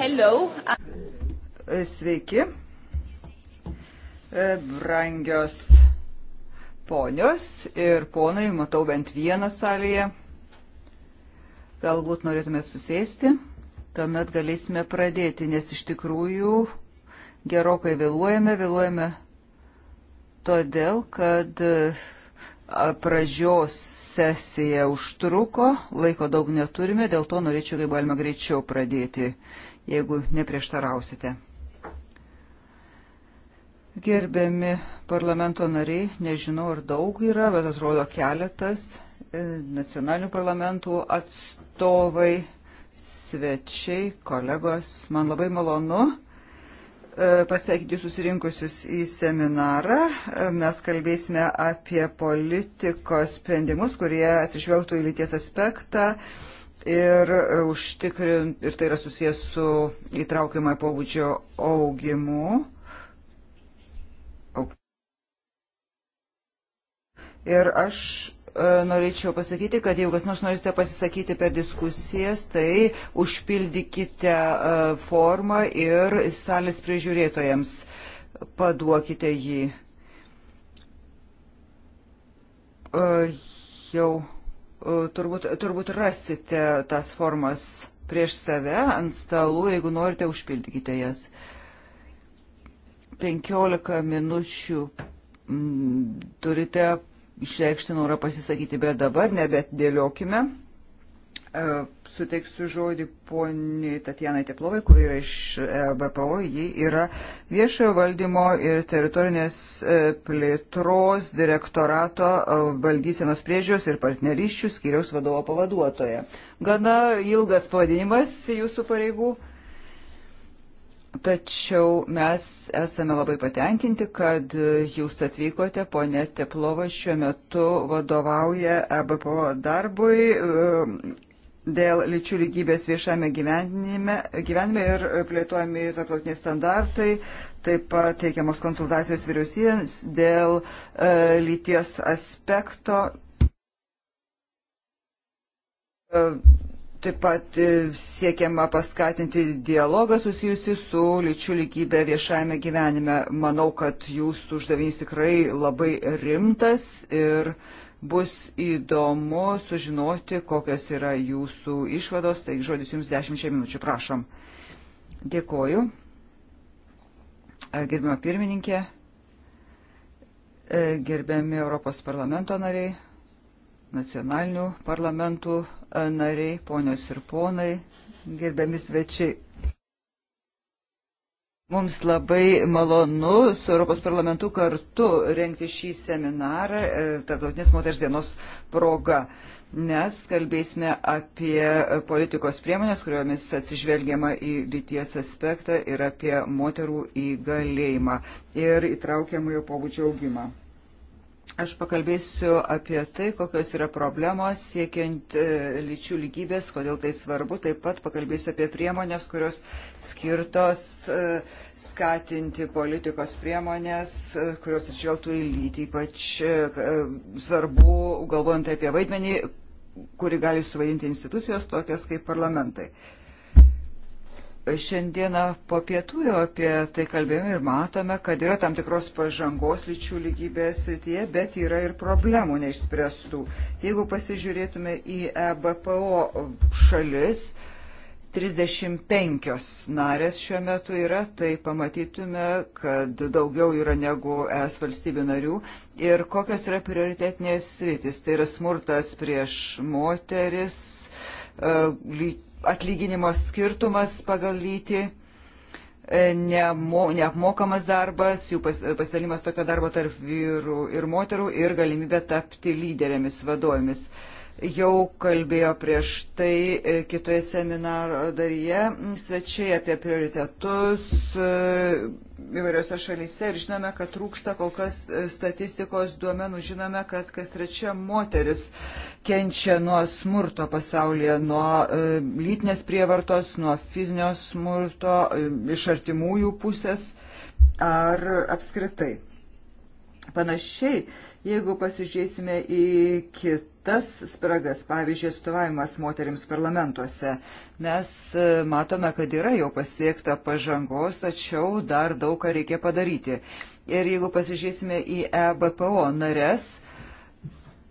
Hello. Sveiki, e, brangios ponios ir ponai, matau bent vieną salėje. Galbūt norėtumėt susėsti, tuomet galėsime pradėti, nes iš tikrųjų gerokai vėluojame, vėluojame todėl, kad e, pradžios sesija užtruko, laiko daug neturime, dėl to norėčiau kaip galima greičiau pradėti jeigu neprieštarausite. Gerbiami parlamento nariai, nežinau ar daug yra, bet atrodo keletas e, nacionalinių parlamentų atstovai, svečiai, kolegos. Man labai malonu e, pasveikinti susirinkusius į seminarą. E, mes kalbėsime apie politikos sprendimus, kurie atsižvelgtų į lyties aspektą, ir, e, užtikrin, ir tai yra susijęs su įtraukiamą pobūdžio augimu. Ir aš e, norėčiau pasakyti, kad jeigu kas nors norite pasisakyti per diskusijas, tai užpildykite e, formą ir salės prižiūrėtojams paduokite jį. Jau turbūt, turbūt rasite tas formas prieš save ant stalų, jeigu norite, užpildykite jas. 15 minučių m, mm, turite išreikšti norą pasisakyti, bet dabar nebet dėliokime. E, suteiksiu žodį poniai Tatjanai Teplovai, kuri yra iš e, BPO, ji yra viešojo valdymo ir teritorinės e, plėtros direktorato valdysenos priežios ir partneriščių skyriaus vadovo pavaduotoja. Gana ilgas pavadinimas jūsų pareigų. Tačiau mes esame labai patenkinti, kad jūs atvykote, ponė Teplova šiuo metu vadovauja EBPO darbui um, dėl lyčių lygybės viešame gyvenime, gyvenime ir plėtojami tarptautiniai standartai, taip pat teikiamos konsultacijos vyriausybėms dėl e, lyties aspekto. E, Taip pat e, siekiama paskatinti dialogą susijusi su lyčių lygybė viešajame gyvenime. Manau, kad jūsų uždavinys tikrai labai rimtas ir bus įdomu sužinoti, kokios yra jūsų išvados. Tai žodis jums dešimčia minučių, prašom. Dėkoju. Gerbimo pirmininkė, e, gerbiami Europos parlamento nariai, nacionalinių parlamentų nariai, ponios ir ponai, gerbiami svečiai. Mums labai malonu su Europos parlamentu kartu renkti šį seminarą e, Tarptautinės moters dienos proga, nes kalbėsime apie politikos priemonės, kuriomis atsižvelgiama į lyties aspektą ir apie moterų įgalėjimą ir įtraukiamojo pobūdžio augimą. Aš pakalbėsiu apie tai, kokios yra problemos siekiant e, lyčių lygybės, kodėl tai svarbu. Taip pat pakalbėsiu apie priemonės, kurios skirtos e, skatinti politikos priemonės, e, kurios atšvelgtų į lytį. Ypač svarbu, galvojant apie vaidmenį, kuri gali suvaidinti institucijos tokias kaip parlamentai. Šiandieną po pietų jau apie tai kalbėjome ir matome, kad yra tam tikros pažangos lyčių lygybės srityje, bet yra ir problemų neišspręstų. Jeigu pasižiūrėtume į EBPO šalis, 35 narės šiuo metu yra, tai pamatytume, kad daugiau yra negu es valstybių narių. Ir kokios yra prioritetinės sritis? Tai yra smurtas prieš moteris, e, lyčių atlyginimo skirtumas pagal lytį, e, neapmokamas darbas, jų pasidalimas tokio darbo tarp vyrų ir moterų ir galimybė tapti lyderėmis, vadovėmis. Jau kalbėjo prieš tai e, kitoje seminaro dalyje svečiai apie prioritetus e, įvairiose šalyse ir žinome, kad trūksta kol kas statistikos duomenų, žinome, kad kas trečia moteris kenčia nuo smurto pasaulyje, nuo e, lytinės prievartos, nuo fizinio smurto e, iš artimųjų pusės ar apskritai. Panašiai, jeigu pasižiūrėsime į kitas spragas, pavyzdžiui, atstovavimas moteriams parlamentuose, mes e, matome, kad yra jau pasiekta pažangos, tačiau dar daug ką reikia padaryti. Ir jeigu pasižiūrėsime į EBPO nares,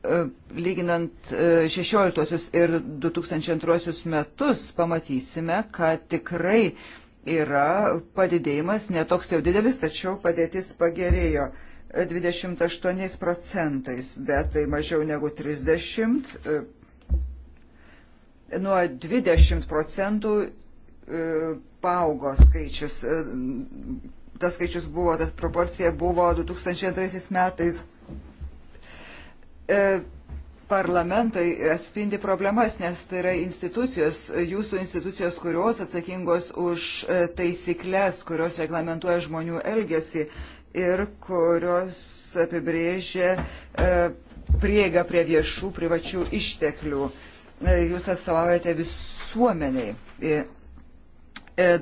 E, lyginant 16 e, ir 2002 metus, pamatysime, kad tikrai yra padidėjimas, netoks jau didelis, tačiau padėtis pagerėjo 28 procentais, bet tai mažiau negu 30, e, nuo 20 procentų paaugo skaičius. Tas skaičius buvo, tas proporcija buvo 2002 metais E, parlamentai atspindi problemas, nes tai yra institucijos, e, jūsų institucijos, kurios atsakingos už e, taisyklės, kurios reglamentuoja žmonių elgesį ir kurios apibrėžia prieigą prie viešų privačių išteklių. Jūs atstovaujate visuomeniai.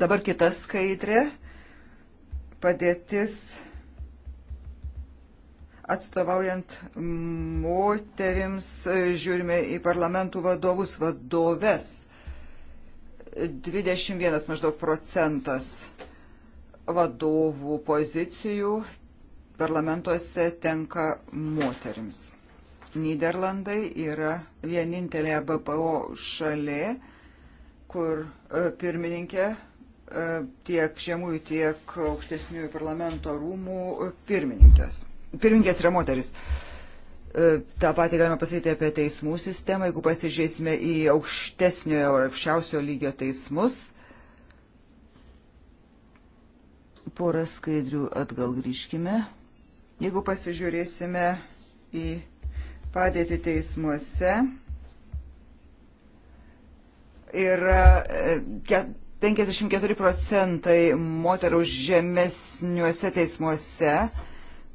Dabar kita skaidrė. Padėtis atstovaujant moterims, žiūrime į parlamentų vadovus, vadoves. 21 maždaug procentas vadovų pozicijų parlamentuose tenka moterims. Niderlandai yra vienintelė BPO šalė, kur e, pirmininkė e, tiek žemųjų, tiek aukštesniųjų parlamento rūmų e, pirmininkės pirmininkės yra moteris. E, Ta pati galima pasakyti apie teismų sistemą, jeigu pasižiūrėsime į aukštesniojo ar aukščiausio lygio teismus. Porą skaidrių atgal grįžkime. Jeigu pasižiūrėsime į padėtį teismuose, yra 54 e, procentai moterų žemesniuose teismuose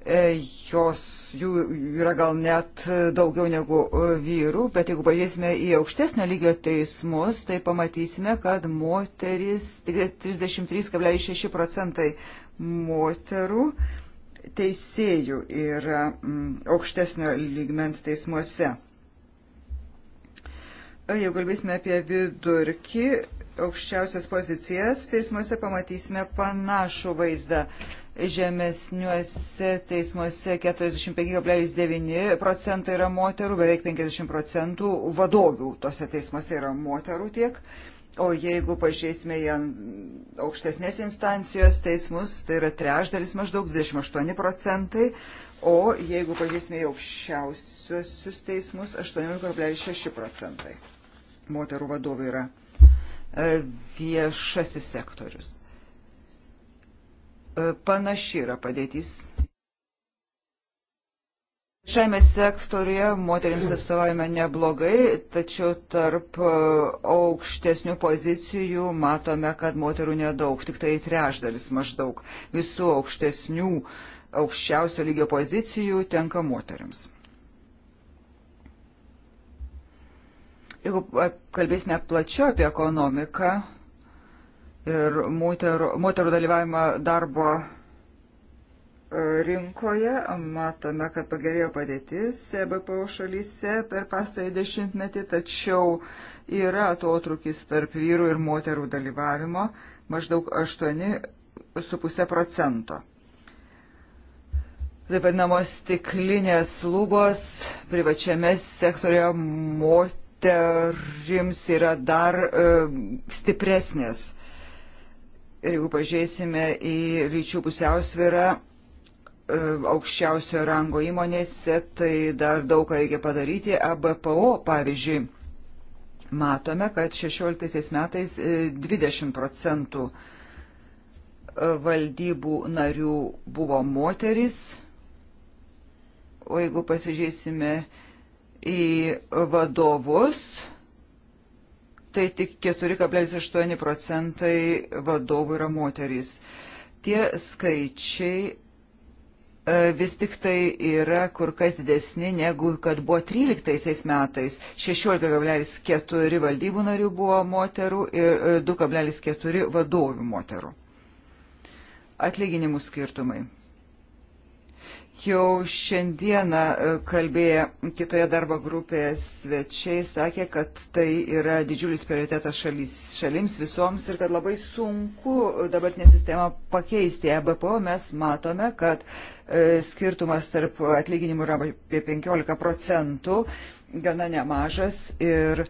E, jos jų yra gal net daugiau negu e, vyrų, bet jeigu pažiūrėsime į aukštesnio lygio teismus, tai pamatysime, kad moteris, 33,6 procentai moterų teisėjų yra mm, aukštesnio lygmens teismuose. E, jeigu kalbėsime apie vidurkį, aukščiausias pozicijas teismuose pamatysime panašų vaizdą žemesniuose teismuose 45,9 procentai yra moterų, beveik 50 procentų vadovių tose teismuose yra moterų tiek. O jeigu pažiūrėsime į aukštesnės instancijos teismus, tai yra trešdalis maždaug 28 procentai, o jeigu pažiūrėsime į aukščiausiosius teismus, 18,6 procentai moterų vadovų yra e, viešasis sektorius. E, panaši yra padėtis. Šiame sektorija moteriams atstovaujame neblogai, tačiau tarp e, aukštesnių pozicijų matome, kad moterų nedaug, tik tai trešdalis maždaug visų aukštesnių, aukščiausio lygio pozicijų tenka moteriams. Jeigu kalbėsime plačiau apie ekonomiką, ir moterų, moterų dalyvavimą darbo e, rinkoje. Matome, kad pagerėjo padėtis e BPO šalyse per pastarąjį dešimtmetį, tačiau yra atotrukis tarp vyrų ir moterų dalyvavimo maždaug 8,5 procento. Taip vadinamos stiklinės lubos privačiame sektorioje moterims yra dar e, stipresnės Ir jeigu pažiūrėsime į lyčių pusiausvyrą e, aukščiausio rango įmonėse, tai dar daug ką reikia padaryti. ABPO, pavyzdžiui, matome, kad 16 metais 20 e, procentų e, valdybų narių buvo moteris. O jeigu pasižiūrėsime į vadovus, tai tik 4,8 procentai vadovų yra moterys. Tie skaičiai e, vis tik tai yra kur kas didesni negu kad buvo 13 metais. 16,4 valdybų narių buvo moterų ir 2,4 e, vadovių moterų. Atlyginimų skirtumai jau šiandieną e, kalbėję kitoje darbo grupėje svečiai sakė, kad tai yra didžiulis prioritetas šalis, šalims visoms ir kad labai sunku dabartinę sistemą pakeisti. EBPO mes matome, kad e, skirtumas tarp atlyginimų yra apie 15 procentų, gana nemažas ir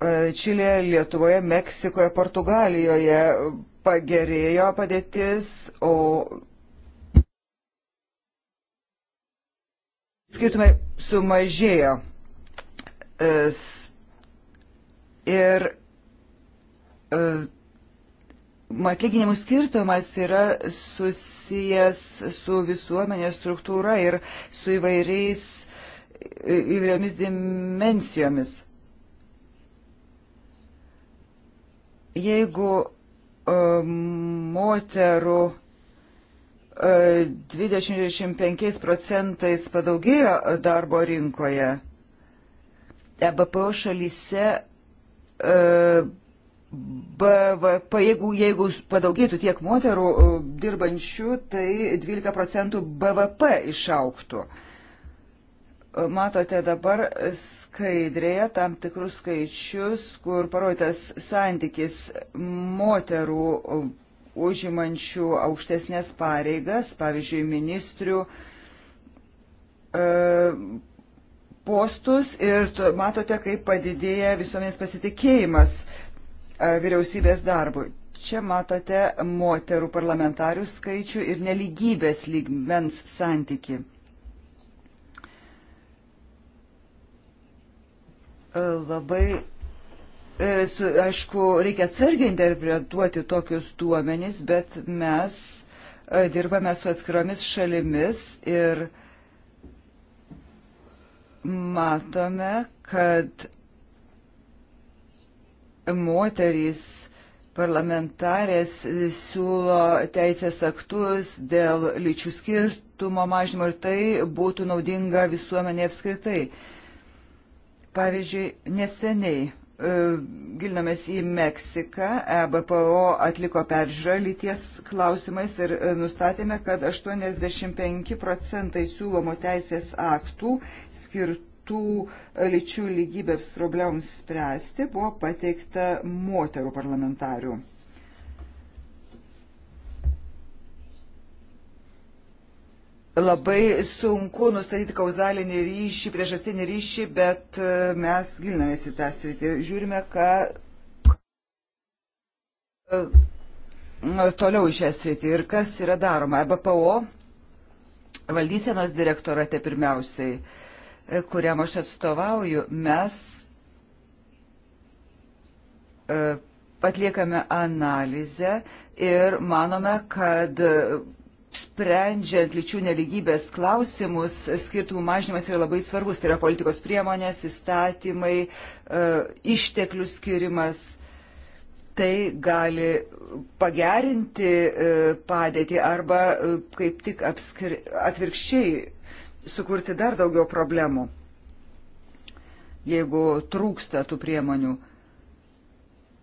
e, Čilėje, Lietuvoje, Meksikoje, Portugalijoje pagerėjo padėtis, o Skirtumai sumažėjo. E, ir e, atlyginimų skirtumas yra susijęs su visuomenės struktūra ir su įvairiais e, įvairiomis dimensijomis. Jeigu um, moterų 20-25 procentais padaugėjo darbo rinkoje. EBPO šalyse e, BVP, jeigu, jeigu padaugėtų tiek moterų e, dirbančių, tai 12 procentų BVP išauktų. E, matote dabar skaidrėje tam tikrus skaičius, kur parodytas santykis moterų užimančių aukštesnės pareigas, pavyzdžiui, ministrių e, postus ir matote, kaip padidėja visuomenės pasitikėjimas e, vyriausybės darbui. Čia matote moterų parlamentarių skaičių ir neligybės lygmens santyki. E, labai E, su, aišku, reikia atsargiai interpretuoti tokius duomenys, bet mes e, dirbame su atskiromis šalimis ir matome, kad moterys parlamentarės siūlo teisės aktus dėl lyčių skirtumo mažymo ir tai būtų naudinga visuomenė apskritai. Pavyzdžiui, neseniai E, gilinamės į Meksiką. EBPO atliko peržiūrą lyties klausimais ir e, nustatėme, kad 85 procentai siūlomų teisės aktų skirtų e, lyčių lygybėms problemams spręsti buvo pateikta moterų parlamentarių. Labai sunku nustatyti kauzalinį ryšį, priežastinį ryšį, bet e, mes gilinamės į tą sritį ir žiūrime, ką e, toliau į šią sritį ir kas yra daroma. EBPO valdysenos direktorate pirmiausiai, e, kuriam aš atstovauju, mes atliekame analizę ir manome, kad sprendžiant lyčių neligybės klausimus, skirtumų mažinimas yra labai svarbus. Tai yra politikos priemonės, įstatymai, e, išteklių skirimas. Tai gali pagerinti e, padėtį arba e, kaip tik apskri, atvirkščiai sukurti dar daugiau problemų, jeigu trūksta tų priemonių.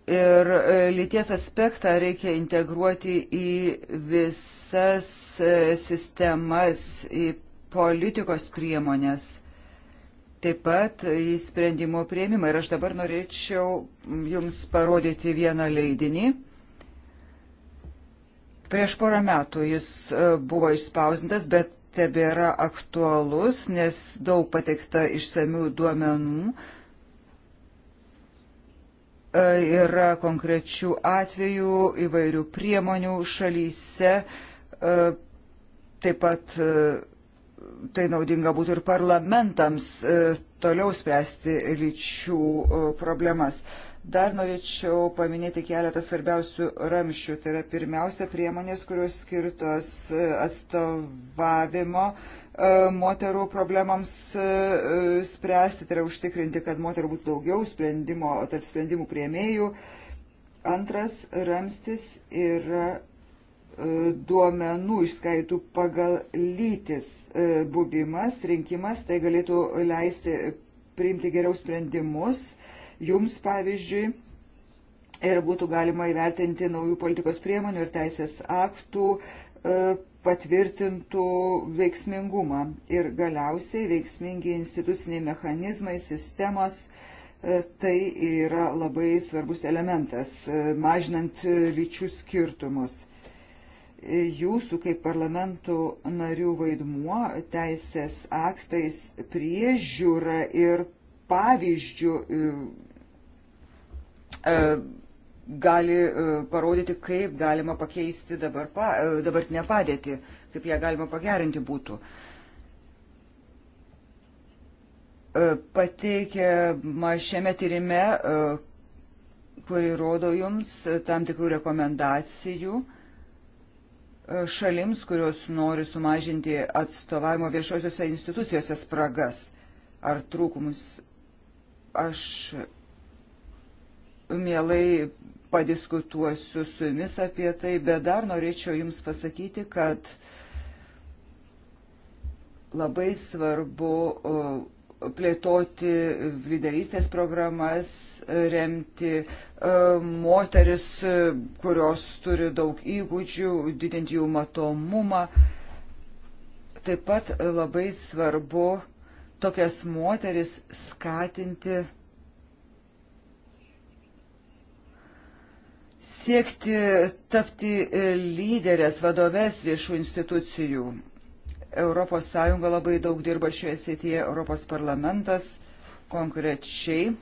Ir e, lyties aspektą reikia integruoti į visas e, sistemas, į politikos priemonės, taip pat į sprendimo prieimimą. Ir aš dabar norėčiau Jums parodyti vieną leidinį. Prieš porą metų jis e, buvo išspausintas, bet tebėra aktualus, nes daug pateikta išsamių duomenų E, yra konkrečių atvejų įvairių priemonių šalyse, e, taip pat e, tai naudinga būtų ir parlamentams toliau spręsti lyčių problemas. Dar norėčiau paminėti keletą svarbiausių ramščių. Tai yra pirmiausia priemonės, kurios skirtos atstovavimo E, moterų problemams e, e, spręsti, tai yra užtikrinti, kad moterų būtų daugiau sprendimo, tarp sprendimų prieimėjų. Antras ramstis yra duomenų išskaitų pagal lytis buvimas, rinkimas, tai galėtų leisti priimti geriau sprendimus. Jums, pavyzdžiui, ir būtų galima įvertinti naujų politikos priemonių ir teisės aktų E, patvirtintų veiksmingumą. Ir galiausiai veiksmingi instituciniai mechanizmai, sistemos, e, tai yra labai svarbus elementas, e, mažinant lyčių skirtumus. Jūsų kaip parlamentų narių vaidmuo teisės aktais priežiūra ir pavyzdžių gali e, parodyti, kaip galima pakeisti dabar, pa, e, dabartinę padėtį, kaip ją galima pagerinti būtų. E, pateikiama šiame tyrime, kuri rodo jums tam tikrų rekomendacijų šalims, kurios nori sumažinti atstovavimo viešosiuose institucijose spragas ar trūkumus. Aš mielai padiskutuosiu su jumis apie tai, bet dar norėčiau jums pasakyti, kad labai svarbu plėtoti lyderystės programas, remti moteris, kurios turi daug įgūdžių, didinti jų matomumą. Taip pat labai svarbu tokias moteris skatinti siekti tapti e, lyderės, vadovės viešų institucijų. ES labai daug dirba šioje srityje, Europos parlamentas konkrečiai e,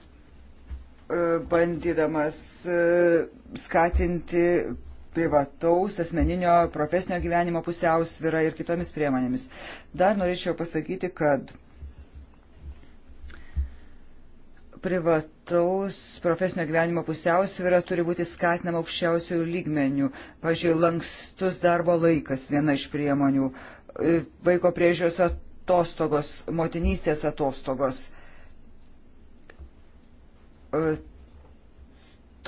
bandydamas e, skatinti privataus, asmeninio, profesinio gyvenimo pusiausvyrą ir kitomis priemonėmis. Dar norėčiau pasakyti, kad privat privataus profesinio gyvenimo pusiausvyrą turi būti skatinama aukščiausių lygmenių. Pavyzdžiui, lankstus darbo laikas viena iš priemonių, e, vaiko priežiūros atostogos, motinystės atostogos. E,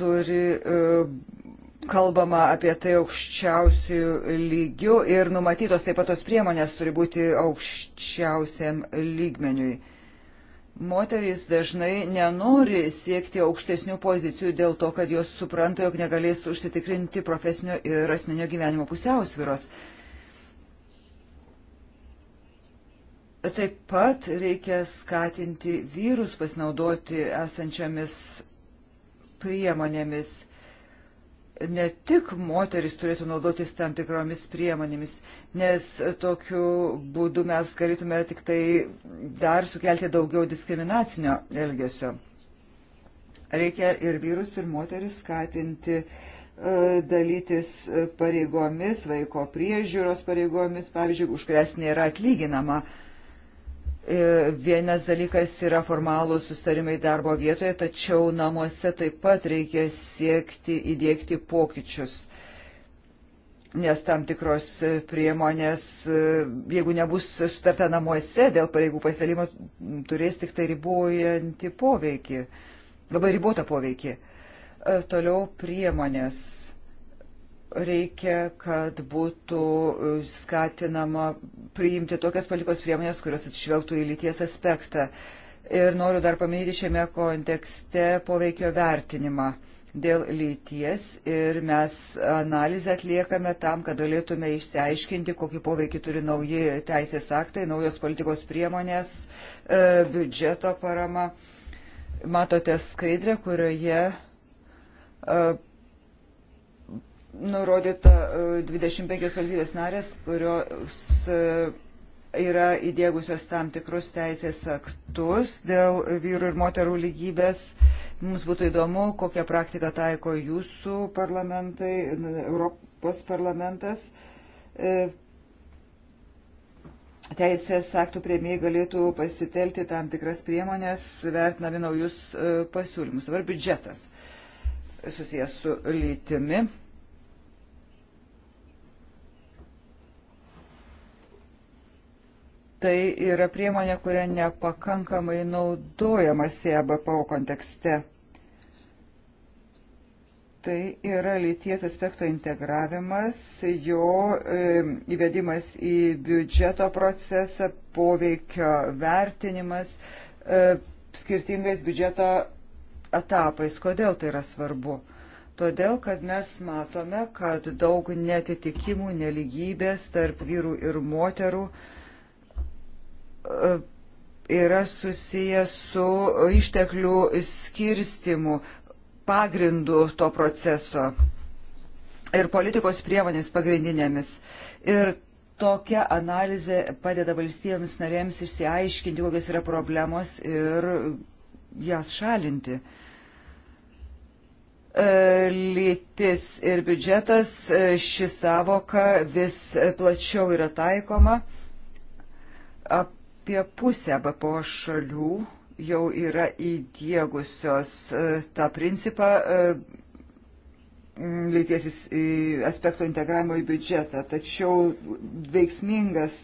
turi e, kalbama apie tai aukščiausių lygių ir numatytos taip pat tos priemonės turi būti aukščiausiam lygmeniui. Moterys dažnai nenori siekti aukštesnių pozicijų dėl to, kad jos supranta, jog negalės užsitikrinti profesinio ir asmenio gyvenimo pusiausviros. Taip pat reikia skatinti vyrus pasinaudoti esančiamis priemonėmis ne tik moteris turėtų naudotis tam tikromis priemonėmis, nes tokiu būdu mes galėtume tik tai dar sukelti daugiau diskriminacinio elgesio. Reikia ir vyrus, ir moteris skatinti e, dalytis pareigomis, vaiko priežiūros pareigomis, pavyzdžiui, už kurias nėra atlyginama. Uh, E, vienas dalykas yra formalų sustarimai darbo vietoje, tačiau namuose taip pat reikia siekti įdėkti pokyčius, nes tam tikros priemonės, e, jeigu nebus sutarta namuose dėl pareigų pasidalimo, turės tik tai ribojantį poveikį, labai ribotą poveikį. E, toliau priemonės reikia, kad būtų e, skatinama priimti tokias palikos priemonės, kurios atšvelgtų į lyties aspektą. Ir noriu dar paminėti šiame kontekste poveikio vertinimą dėl lyties ir mes analizę atliekame tam, kad galėtume išsiaiškinti, kokį poveikį turi nauji teisės aktai, naujos politikos priemonės, e, biudžeto parama. Matote skaidrę, kurioje e, nurodyta 25 e, valstybės narės, kurios e, yra įdėgusios tam tikrus teisės aktus dėl vyrų ir moterų lygybės. Mums būtų įdomu, kokią praktiką taiko jūsų parlamentai, Europos parlamentas. E, teisės aktų prieimėjai galėtų pasitelti tam tikras priemonės, vertinami naujus pasiūlymus. Dabar biudžetas susijęs su lytimi Tai yra priemonė, kuria nepakankamai naudojamasi ABPO kontekste. Tai yra lyties aspekto integravimas, jo e, įvedimas į biudžeto procesą, poveikio vertinimas e, skirtingais biudžeto etapais. Kodėl tai yra svarbu? Todėl, kad mes matome, kad daug netitikimų, neligybės tarp vyrų ir moterų e, E, yra susijęs su išteklių skirstimu, pagrindu to proceso ir politikos priemonėmis pagrindinėmis. Ir tokia analizė padeda valstybėms narėms išsiaiškinti, kokios yra problemos ir jas šalinti. E, lytis ir biudžetas e, ši savoka vis plačiau yra taikoma. Apie pusę BPO šalių jau yra įdiegusios e, tą principą e, lyties aspekto integravimo į biudžetą, tačiau veiksmingas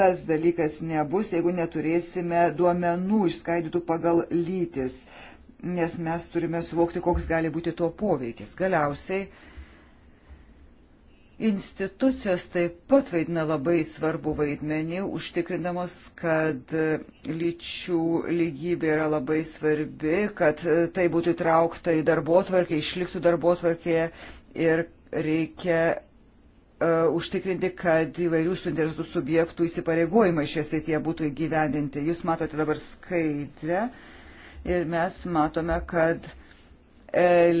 tas dalykas nebus, jeigu neturėsime duomenų išskaidytų pagal lytis, nes mes turime suvokti, koks gali būti to poveikis. Galiausiai Institucijos taip pat vaidina labai svarbu vaidmenį, užtikrindamos, kad lyčių lygybė yra labai svarbi, kad tai būtų įtraukta į darbo tvarkę, išliktų darbo tvarkėje ir reikia uh, užtikrinti, kad įvairių suinteresų subjektų įsipareigojimai šioje srityje būtų įgyvendinti. Jūs matote dabar skaidrę ir mes matome, kad el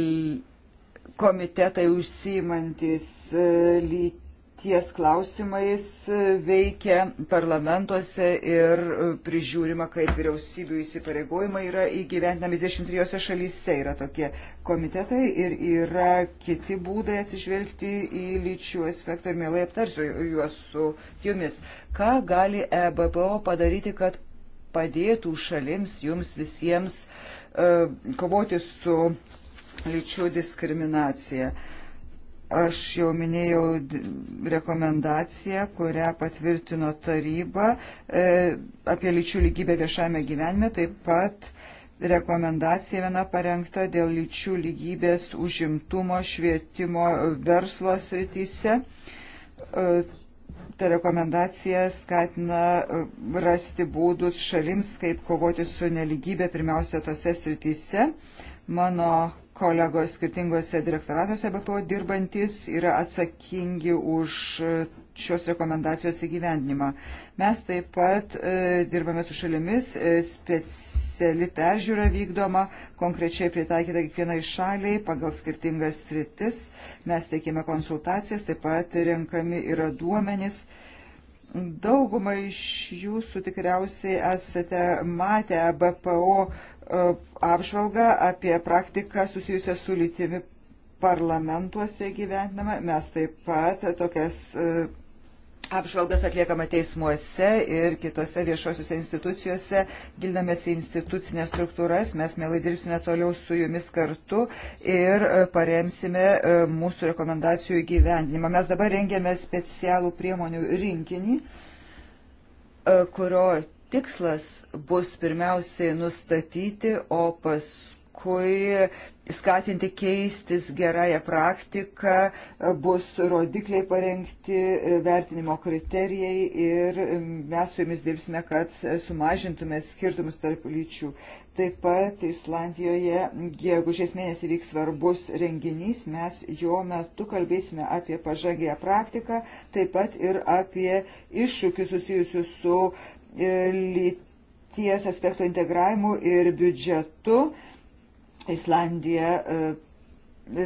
komitetai užsimantis e, lyties klausimais e, veikia parlamentuose ir e, prižiūrima, kaip vyriausybių įsipareigojimai yra įgyventinami 23 šalyse. Yra tokie komitetai ir yra kiti būdai atsižvelgti į lyčių aspektą ir mielai aptarsiu juos su jumis. Ką gali EBPO padaryti, kad padėtų šalims, jums visiems kovoti su lyčių diskriminaciją. Aš jau minėjau rekomendaciją, kurią patvirtino taryba e, apie lyčių lygybę viešame gyvenime, taip pat rekomendacija viena parengta dėl lyčių lygybės užimtumo švietimo verslo srityse. E, ta rekomendacija skatina e, rasti būdus šalims, kaip kovoti su neligybė pirmiausia tose srityse. Mano kolegos skirtingose direktoratuose BPO dirbantis yra atsakingi už šios rekomendacijos įgyvendinimą. Mes taip pat e, dirbame su šalimis, e, speciali peržiūra vykdoma, konkrečiai pritaikyta kiekvienai šaliai pagal skirtingas sritis. Mes teikime konsultacijas, taip pat renkami yra duomenys. Daugumą iš jūsų tikriausiai esate matę BPO E, apžvalgą apie praktiką susijusią su lytimi parlamentuose gyventinama. Mes taip pat tokias e, apžvalgas atliekama teismuose ir kitose viešosiuose institucijose, gilinamės į institucinės struktūras, mes mielai dirbsime toliau su jumis kartu ir e, paremsime mūsų rekomendacijų įgyvendinimą. Mes dabar rengėme specialų priemonių rinkinį, kurio tikslas bus pirmiausiai nustatyti, o paskui skatinti keistis gerąją praktiką, bus rodikliai parengti, vertinimo kriterijai ir mes su jumis dirbsime, kad sumažintume skirtumus tarp lyčių. Taip pat Islandijoje, gegužės mėnesį vyks svarbus renginys, mes jo metu kalbėsime apie pažangėją praktiką, taip pat ir apie iššūkius susijusius su E, lyties aspekto integravimu ir biudžetu. Islandija e,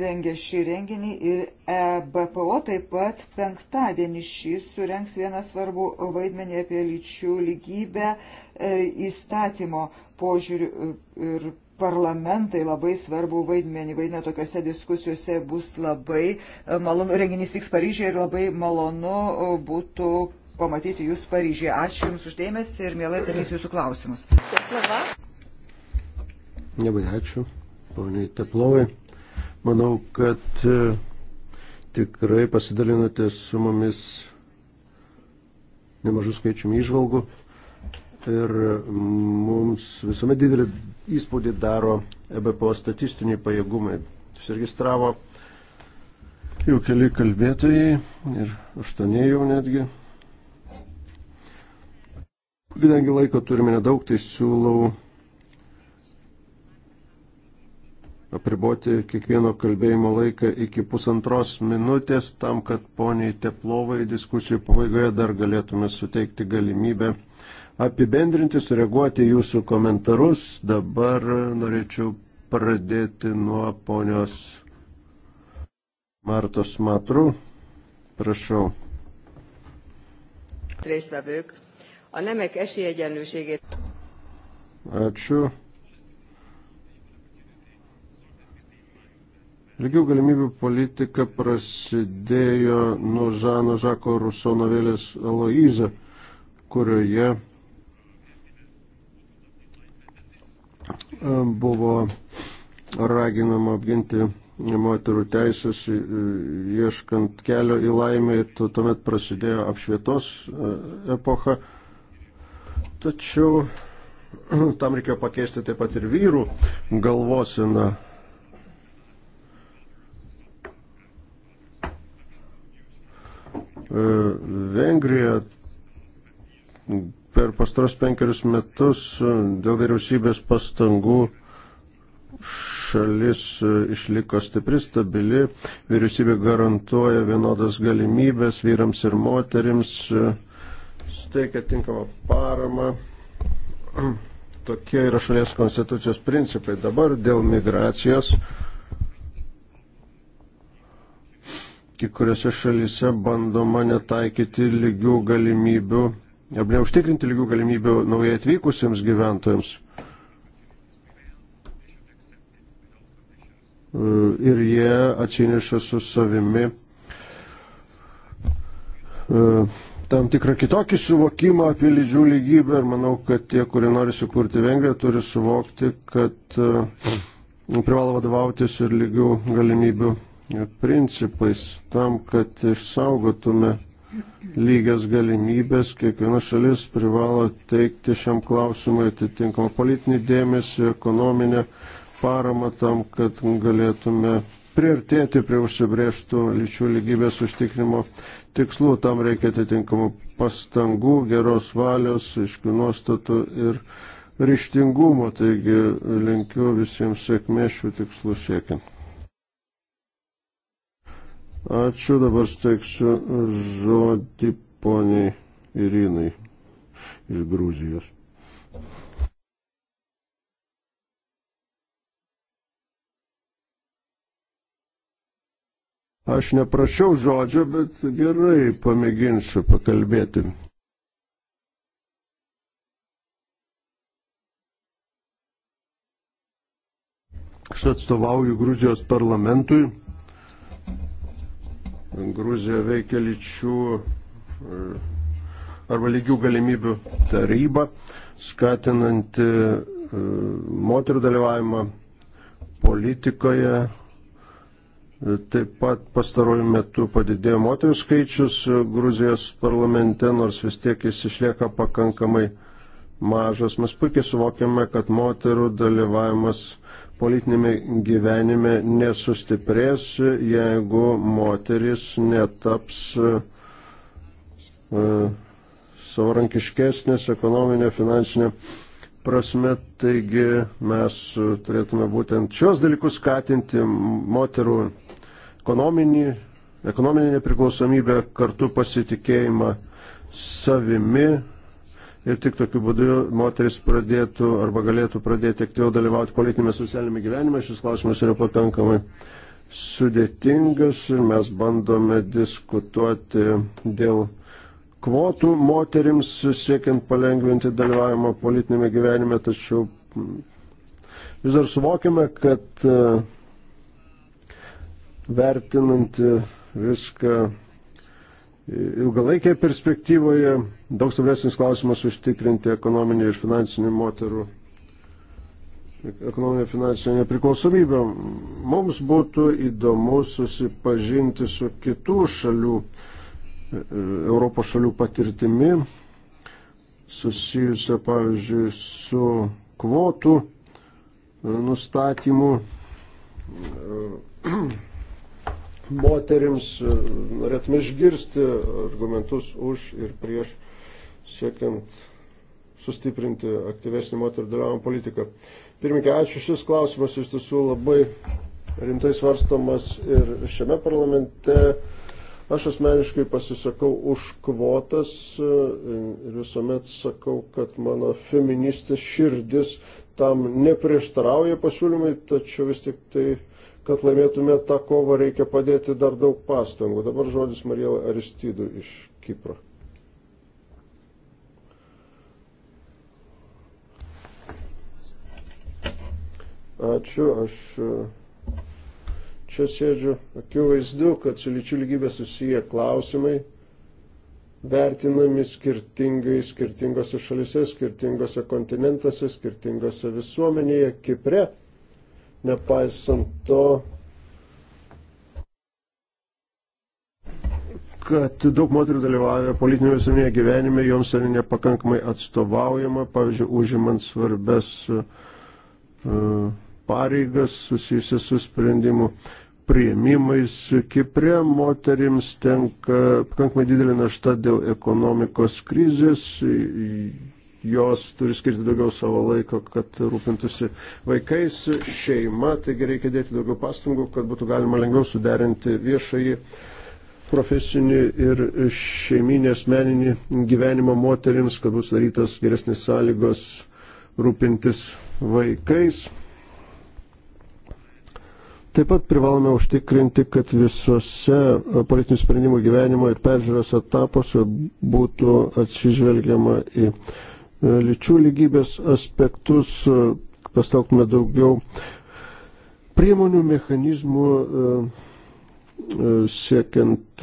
rengia šį renginį ir EBPO taip pat penktadienį šį surenks vieną svarbų vaidmenį apie lyčių lygybę e, įstatymo požiūrių ir parlamentai labai svarbu vaidmenį vaidina tokiuose diskusijose bus labai malonu, renginys vyks Paryžiuje ir labai malonu būtų pamatyti Jūs Paryžyje. Ačiū Jums uždėmesi ir mielai atsakysiu Jūsų klausimus. Labai ačiū, poniai Teplovai. Manau, kad e, tikrai pasidalinote su mumis nemažų skaičiumi išvalgų ir e, mums visuomet didelį įspūdį daro EBPO statistiniai pajėgumai. Užsiregistravo jau keli kalbėtojai ir aštuoni jau netgi Kadangi laiko turime nedaug, tai siūlau apriboti kiekvieno kalbėjimo laiką iki pusantros minutės, tam, kad poniai Teplovai diskusijų pabaigoje dar galėtume suteikti galimybę apibendrinti, sureaguoti jūsų komentarus. Dabar norėčiau pradėti nuo ponios Martos Matrų. Prašau. Résztvevők, a nemek esélyegyenlőségét. Ačiū. Lygių galimybių politika prasidėjo nuo Žano Žako Ruso novelės Aloiza, kurioje e, buvo raginama apginti moterų teisės, e, ieškant kelio į laimę ir tuomet prasidėjo apšvietos e, epocha. Tačiau tam reikėjo pakeisti taip pat ir vyrų galvosiną. E, Vengrija per pastaros penkerius metus dėl vyriausybės pastangų šalis išliko stipri, stabili, vyriausybė garantuoja vienodas galimybės vyrams ir moterims suteikia tinkamą paramą. Tokie yra šalies konstitucijos principai. Dabar dėl migracijos. Kai kuriuose šalyse bandoma netaikyti lygių galimybių, arba neužtikrinti lygių galimybių naujai atvykusiems gyventojams. ir jie atsineša su savimi tam tikrą kitokį suvokimą apie lyčių lygybę ir manau, kad tie, kurie nori sukurti Vengriją, turi suvokti, kad e, privalo vadovautis ir lygių galimybių principais tam, kad išsaugotume lygias galimybės, kiekviena šalis privalo teikti šiam klausimui atitinkamą politinį dėmesį, ekonominę paramą tam, kad galėtume priartėti prie užsibrėžtų lyčių lygybės užtikrimo tikslų, tam reikia atitinkamų pastangų, geros valios, iškių nuostatų ir ryštingumo, taigi linkiu visiems sėkmės šių tikslų siekiant. Ačiū, dabar steiksiu žodį poniai Irinai iš Grūzijos. Aš neprašiau žodžio, bet gerai pamėginsiu pakalbėti. Aš atstovauju Gruzijos parlamentui. Gruzija veikia lyčių e, arba lygių galimybių taryba, skatinanti e, moterų dalyvavimą politikoje, Taip pat pastaruoju metu padidėjo moterų skaičius Gruzijos parlamente, nors vis tiek jis išlieka pakankamai mažas. Mes puikiai suvokiame, kad moterų dalyvavimas politinėme gyvenime nesustiprės, jeigu moteris netaps e, savarankiškesnės ekonominė, finansinė prasme, taigi mes turėtume būtent šios dalykus skatinti moterų ekonominį, ekonominį nepriklausomybę, kartu pasitikėjimą savimi ir tik tokiu būdu moteris pradėtų arba galėtų pradėti aktyviau dalyvauti politinėme socialinėme gyvenime. Šis klausimas yra pakankamai sudėtingas ir mes bandome diskutuoti dėl kvotų moterims siekiant palengventi dalyvavimą politinėme gyvenime, tačiau vis dar suvokime, kad uh, vertinant viską ilgalaikėje perspektyvoje, daug svarbesnis klausimas užtikrinti ekonominį ir finansinį moterų ekonominė finansinė nepriklausomybė. Mums būtų įdomu susipažinti su kitų šalių, Europos šalių patirtimi, susijusia, pavyzdžiui, su kvotų nustatymu moterims. E, norėtume išgirsti argumentus už ir prieš siekiant sustiprinti aktyvesnį moterų dalyvavimą politiką. Pirmininkė, ačiū. Šis klausimas iš tiesų labai rimtai svarstomas ir šiame parlamente. Aš asmeniškai pasisakau už kvotas e, ir visuomet sakau, kad mano feministės širdis tam neprieštarauja pasiūlymai, tačiau vis tik tai uh, kad laimėtume tą kovą, reikia padėti dar daug pastangų. Dabar žodis Marijela Aristidų iš Kipro. Ačiū, aš čia sėdžiu. Akivaizdu, kad su lyčių lygybė susiję klausimai vertinami skirtingai skirtingose šalise, skirtingose kontinentuose, skirtingose visuomenėje. Kipre nepaisant to, kad daug moterų dalyvauja politinėje visuomenėje gyvenime, joms yra nepakankamai atstovaujama, pavyzdžiui, užimant svarbes e, pareigas susijusias su sprendimu prieimimais. Kiprė moterims tenka pakankamai didelė našta dėl ekonomikos krizės, jos turi skirti daugiau savo laiko, kad rūpintusi vaikais, šeima, taigi reikia dėti daugiau pastangų, kad būtų galima lengviau suderinti viešai profesinį ir šeiminį asmeninį gyvenimą moterims, kad bus darytos geresnės sąlygos rūpintis vaikais. Taip pat privalome užtikrinti, kad visose politinių sprendimų gyvenimo ir peržiūros etapuose būtų atsižvelgiama į E, lyčių lygybės aspektus, e, pastelkime daugiau priemonių, mechanizmų e, siekiant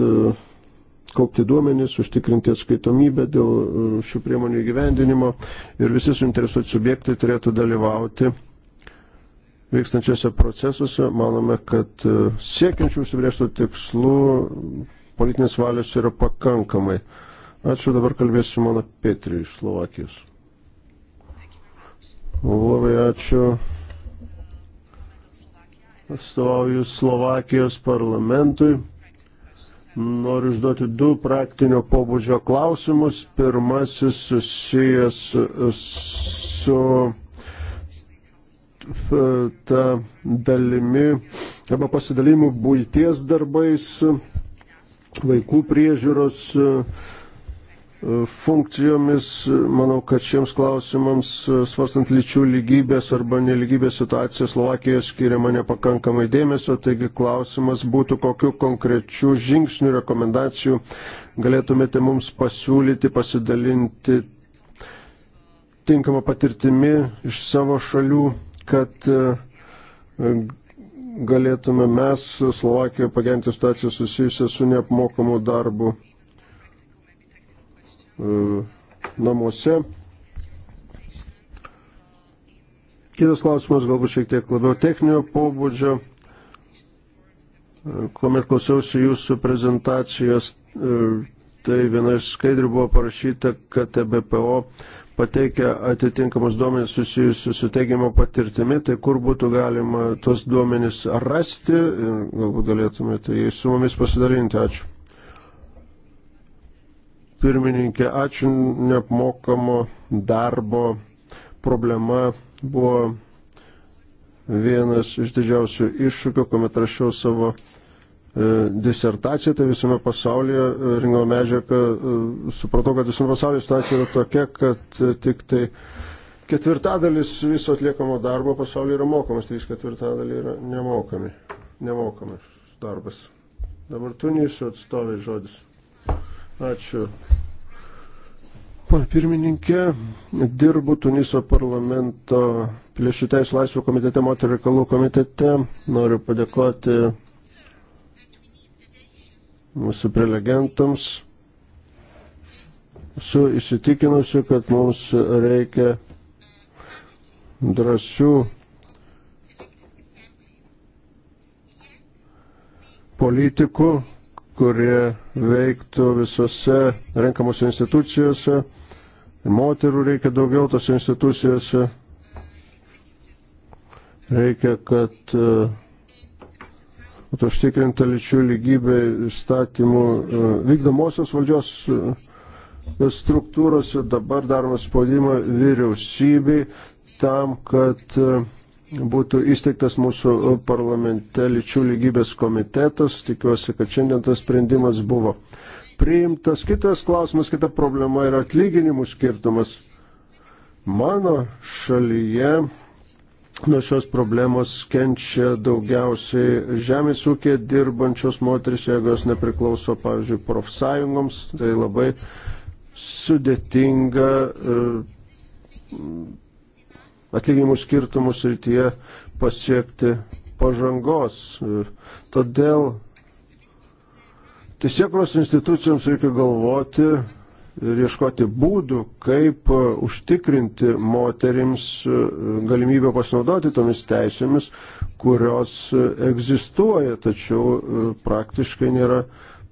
kaupti duomenis, užtikrinti atskaitomybę dėl šių priemonių įgyvendinimo ir visi suinteresuoti subjektai turėtų dalyvauti vykstančiose procesuose. Manome, kad siekiančių užsibrėžtų tikslų politinės valios yra pakankamai. Ačiū, dabar kalbės Simona Petri iš Slovakijos. Labai ačiū. Atstovauju Slovakijos parlamentui. Noriu užduoti du praktinio pobūdžio klausimus. Pirmasis susijęs su ta dalimi arba pasidalimu būties darbais, vaikų priežiūros funkcijomis. Manau, kad šiems klausimams, e, svarstant lyčių lygybės arba neligybės situaciją Slovakijoje, skiriama nepakankamai dėmesio. Taigi klausimas būtų, kokiu konkrečiu žingsniu rekomendacijų galėtumėte mums pasiūlyti, pasidalinti tinkamą patirtimi iš savo šalių, kad e, galėtume mes Slovakijoje pagerinti situaciją susijusią su neapmokamu darbu E, namuose. Kitas klausimas galbūt šiek tiek labiau techninio pobūdžio. E, kuomet klausiausi jūsų prezentacijos, e, tai viena iš skaidrių buvo parašyta, kad TBPO pateikia atitinkamus duomenys susijusius su teigiamo patirtimi, tai kur būtų galima tuos duomenys rasti, galbūt galėtumėte jais su mumis pasidalinti. Ačiū pirmininkė, ačiū neapmokamo darbo problema buvo vienas iš didžiausių iššūkių, kuomet rašiau savo e, disertaciją, tai visame pasaulyje e, rinkau medžiagą, e, supratau, kad visame pasaulyje situacija yra tokia, kad tik tai ketvirtadalis viso atliekamo darbo pasaulyje yra mokamas, trys ketvirtadaliai yra nemokami, nemokamas darbas. Dabar Tunisų atstovai žodis. Ačiū. Pane pirmininkė, dirbu Tuniso parlamento piliečių teisų laisvų komitete, moterų reikalų komitete. Noriu padėkoti mūsų prelegentams. Esu įsitikinusi, kad mums reikia drąsių politikų kurie veiktų visose renkamose institucijose. Moterų reikia daugiau tose institucijose. Reikia, kad uh, būtų užtikrinta lyčių lygybė įstatymų uh, vykdomosios valdžios uh, struktūrose. Dabar daromas spaudimą vyriausybei tam, kad būtų įsteigtas mūsų parlamente lyčių lygybės komitetas. Tikiuosi, kad šiandien tas sprendimas buvo priimtas. Kitas klausimas, kita problema yra atlyginimų skirtumas. Mano šalyje nuo šios problemos kenčia daugiausiai žemės ūkė dirbančios moteris, jeigu jos nepriklauso, pavyzdžiui, profsąjungoms, tai labai sudėtinga. Uh, atlyginimų skirtumų srityje pasiekti pažangos. Todėl tiesiekros institucijoms reikia galvoti ir ieškoti būdų, kaip užtikrinti moterims galimybę pasinaudoti tomis teisėmis, kurios egzistuoja, tačiau praktiškai nėra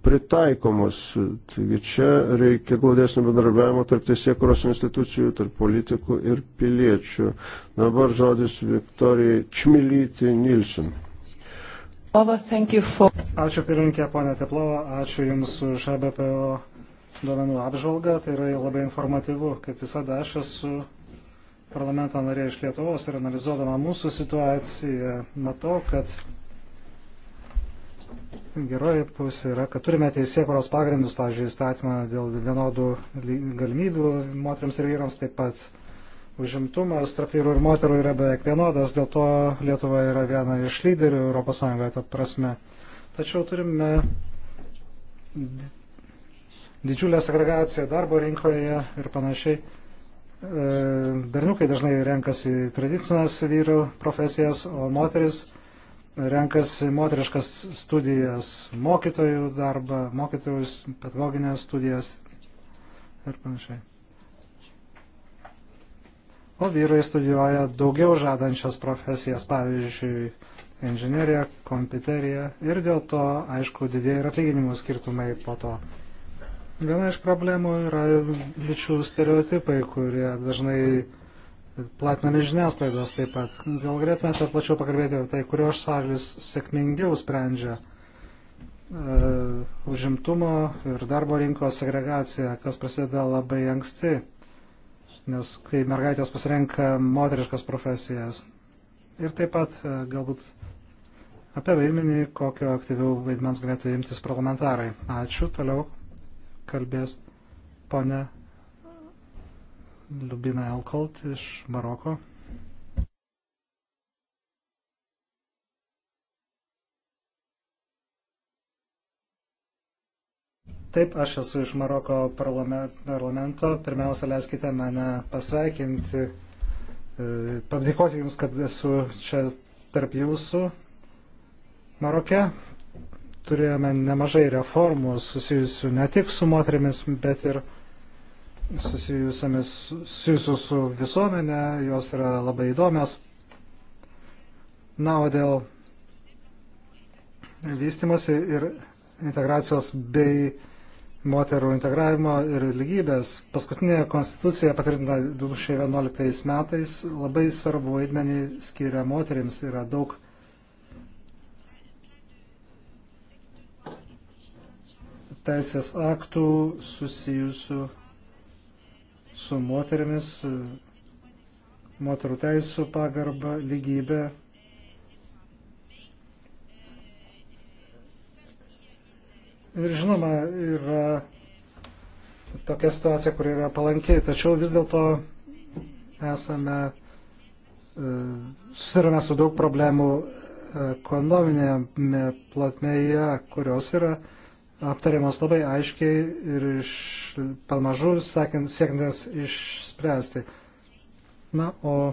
pritaikomos. Taigi čia reikia glaudesnio bendarbiavimo tarp teisėkuros institucijų, tarp politikų ir piliečių. Dabar žodis Viktorijai Čmilytį Nilsin. Ačiū pirmininkė, ponė Teplova, ačiū Jums už ABPO duomenų apžvalgą, tai yra labai informatyvu. Kaip visada, aš esu parlamento narė iš Lietuvos ir analizuodama mūsų situaciją, matau, kad geroji pusė yra, kad turime teisėkuros pagrindus, pavyzdžiui, įstatymą dėl vienodų galimybių moteriams ir vyrams, taip pat užimtumas tarp vyrų ir moterų yra beveik vienodas, dėl to Lietuva yra viena iš lyderių ES, ta prasme. Tačiau turime didžiulę segregaciją darbo rinkoje ir panašiai. E, berniukai dažnai renkasi tradicinės vyrų profesijas, o moteris renkasi moteriškas studijas, mokytojų darbą, mokytojus, pedagoginės studijas ir panašiai. O vyrai studijuoja daugiau žadančias profesijas, pavyzdžiui, inžineriją, kompiuteriją ir dėl to, aišku, didėja ir atlyginimų skirtumai po to. Viena iš problemų yra lyčių stereotipai, kurie dažnai platinami žiniasklaidos taip pat. Gal galėtumėte plačiau pakalbėti apie tai, kurios šalis sėkmingiau sprendžia e, užimtumo ir darbo rinkos segregaciją, kas prasideda labai anksti, nes kai mergaitės pasirenka moteriškas profesijas. Ir taip pat e, galbūt apie vaidmenį, kokio aktyviau vaidmens galėtų imtis parlamentarai. Ačiū, toliau kalbės ponė Lubina Elkolt iš Maroko. Taip, aš esu iš Maroko parlamento. Pirmiausia, leiskite mane pasveikinti, e, padėkoti Jums, kad esu čia tarp Jūsų. Maroke turėjome nemažai reformų susijusių ne tik su moterimis, bet ir susijusiamis susijusius su visuomenė, jos yra labai įdomios. Na, o dėl vystimasi ir integracijos bei moterų integravimo ir lygybės. Paskutinė konstitucija patvirtinta 2011 metais labai svarbu vaidmenį skiria moterims. Yra daug teisės aktų susijusių su moterimis, moterų teisų pagarba, lygybė. Ir žinoma, yra tokia situacija, kur yra palankiai, tačiau vis dėlto esame e, susirame su daug problemų e, ekonominėme plotmėje, kurios yra uh, aptariamos labai aiškiai ir iš, pamažu siekintas išspręsti. Na, o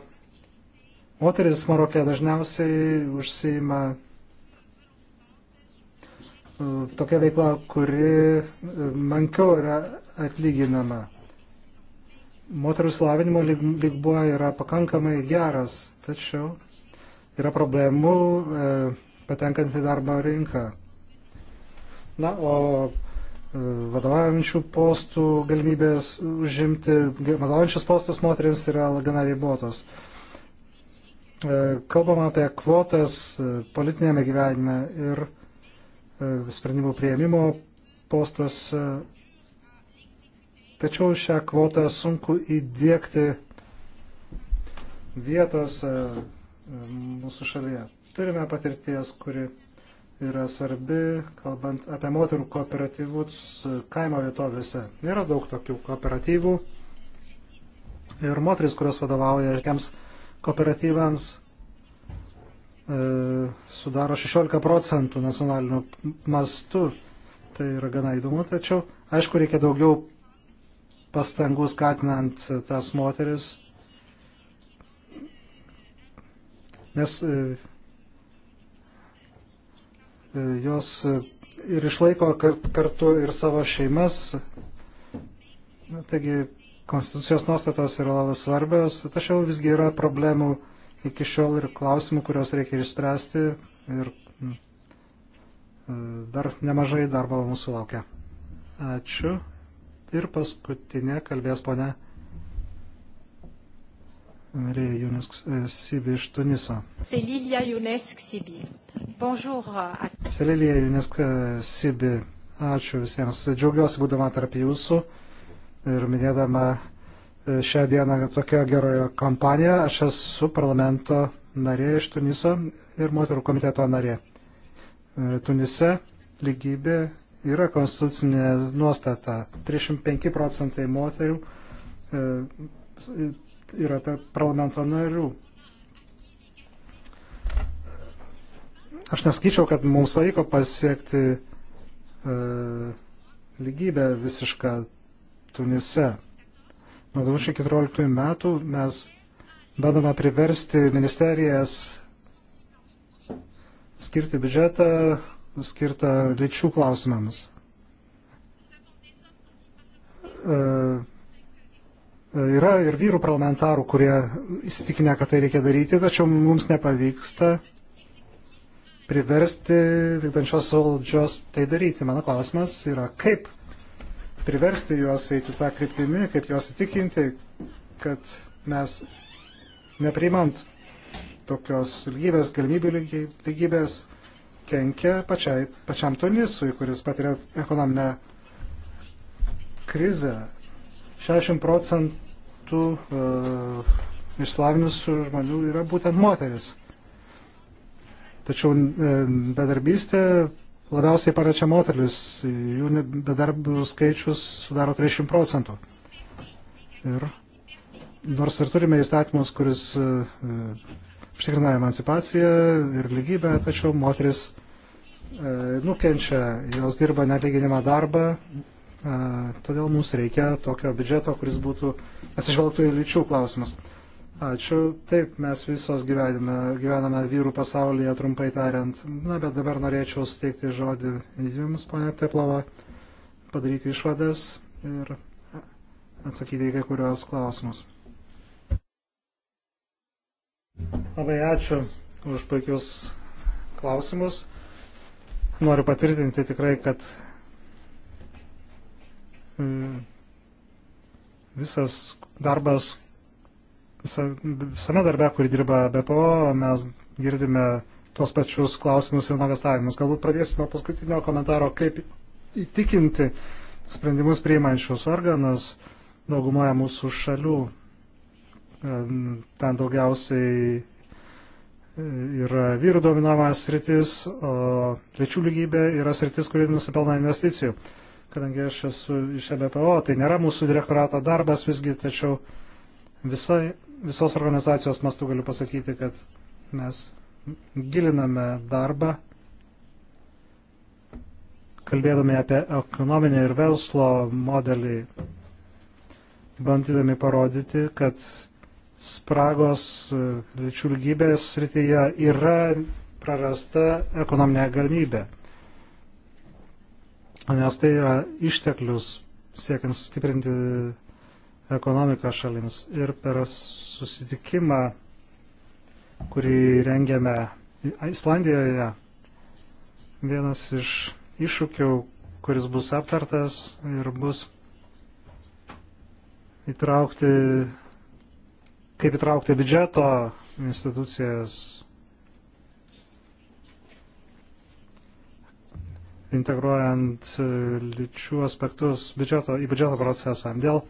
moteris Marokė dažniausiai užsima e, tokia veikla, kuri e, menkiau yra atlyginama. Moterų slavinimo lygbuo yra pakankamai geras, tačiau yra problemų e, patenkant į darbo rinką. Na, o e, vadovaujančių postų galimybės užimti, vadovaujančius postus moteriams yra gana ribotos. E, kalbama apie kvotas e, politinėme gyvenime ir sprendimų prieimimo postus, tačiau šią kvotą sunku įdėkti vietos mūsų šalyje. Turime patirties, kuri yra svarbi, kalbant apie moterų kooperatyvus kaimo vietovėse. Yra daug tokių kooperatyvų ir moteris, kurios vadovauja tokiems kooperatyvams, e, sudaro 16 procentų nacionalinių mastų. Tai yra gana įdomu, tačiau aišku, reikia daugiau pastangų skatinant tas moteris, nes e, E, jos e, ir išlaiko kartu ir savo šeimas. Taigi konstitucijos nuostatos yra labai svarbios, tačiau visgi yra problemų iki šiol ir klausimų, kuriuos reikia išspręsti ir e, dar nemažai darbo mūsų laukia. Ačiū. Ir paskutinė kalbės ponia narė Junis e, Sibi iš Tuniso. Celilija Junesk Sibi. Bonjour. Euh, Celilija Junesk e, Sibi. Ačiū visiems. Džiaugiuosi būdama tarp jūsų ir minėdama e, šią dieną tokia geroje kompanija. Aš esu parlamento narė iš Tuniso ir moterų komiteto narė. Tunise lygybė yra konstitucinė nuostata. 35 procentai moterių yra tarp parlamento narių. Aš neskaičiau, kad mums pavyko pasiekti e, lygybę visišką Tunise. Nuo 2014 metų mes bandoma priversti ministerijas skirti biudžetą skirtą lyčių klausimams. E, Yra ir vyrų parlamentarų, kurie įsitikinę, kad tai reikia daryti, tačiau mums nepavyksta priversti vykdančios valdžios tai daryti. Mano klausimas yra, kaip priversti juos eiti tą kryptimį, kaip juos įtikinti, kad mes nepriimant tokios lygybės, galimybių lygybės, kenkia pačiai, pačiam Tunisui, kuris patiria ekonominę krizę 60 procentų uh, e, išslavinusių žmonių yra būtent moteris. Tačiau e, bedarbystė labiausiai paračia moteris, jų bedarbių skaičius sudaro 30 procentų. Ir nors ir turime įstatymus, kuris e, užtikrina emancipaciją ir lygybę, tačiau moteris nukenčia, jos dirba nelyginimą darbą Todėl mums reikia tokio biudžeto, kuris būtų atsižvelgtų į lyčių klausimas. Ačiū. Taip, mes visos gyvenime, gyvename vyrų pasaulyje, trumpai tariant. Na, bet dabar norėčiau suteikti žodį Jums, ponia Teplova, padaryti išvadas ir atsakyti į kai kurios klausimus. Labai ačiū už puikius klausimus. Noriu patvirtinti tikrai, kad Mm. visas darbas, visame darbe, kurį dirba BPO, mes girdime tuos pačius klausimus ir nuogastavimus. Galbūt pradėsiu nuo paskutinio komentaro, kaip įtikinti sprendimus priimančius organus daugumoje mūsų šalių. Ten daugiausiai e, yra vyrų dominavimas sritis, o lyčių lygybė yra sritis, kuri nusipelna investicijų kadangi aš esu iš EBPO, tai nėra mūsų direktorato darbas visgi, tačiau visai, visos organizacijos mastu galiu pasakyti, kad mes giliname darbą, kalbėdami apie ekonominį ir verslo modelį, bandydami parodyti, kad spragos e, lyčių lygybės srityje yra prarasta ekonominė galimybė nes tai yra išteklius siekiant sustiprinti ekonomiką šalims. Ir per susitikimą, kurį rengėme Islandijoje, vienas iš iššūkių, kuris bus aptartas ir bus įtraukti, kaip įtraukti biudžeto institucijas integruojant e, lyčių aspektus biudžeto, į biudžeto procesą. Dėl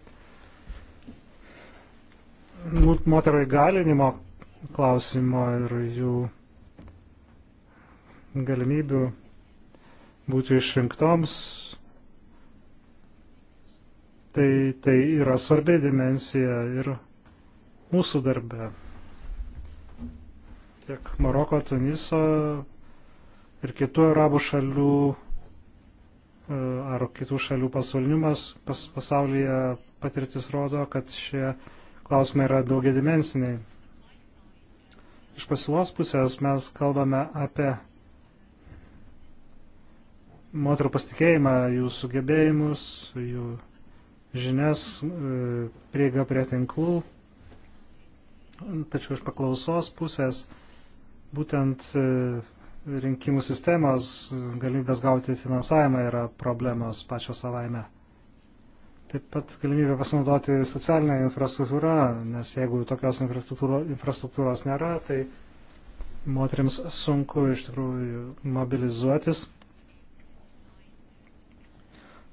moterų įgalinimo klausimo ir jų galimybių būti išrinktoms, tai, tai yra svarbi dimensija ir mūsų darbe. Tiek Maroko, Tuniso ir kitų arabų šalių E, ar kitų šalių pasaulinimas pas, pasaulyje patirtis rodo, kad šie klausimai yra daugiadimensiniai. Iš pasiūlos pusės mes kalbame apie moterų pasitikėjimą, jų sugebėjimus, jų žinias, e, prieiga prie tinklų. Tačiau iš paklausos pusės būtent e, rinkimų sistemos galimybės gauti finansavimą yra problemos pačio savaime. Taip pat galimybė pasinaudoti socialinę infrastruktūrą, nes jeigu tokios infrastruktūros nėra, tai moteriams sunku iš tikrųjų mobilizuotis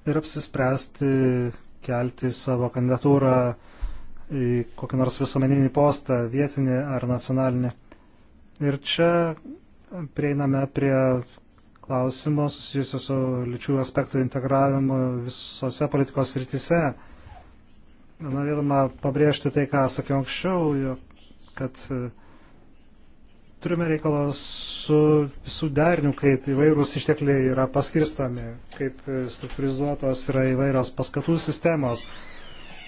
ir apsispręsti kelti savo kandidatūrą į kokį nors visuomeninį postą, vietinį ar nacionalinį. Ir čia prieiname prie klausimo susijusio su lyčių aspektų integravimu visose politikos rytise. Norėdama pabrėžti tai, ką sakiau anksčiau, kad e, turime reikalą su visų dernių, kaip įvairūs ištekliai yra paskirstami, kaip struktūrizuotos yra įvairios paskatų sistemos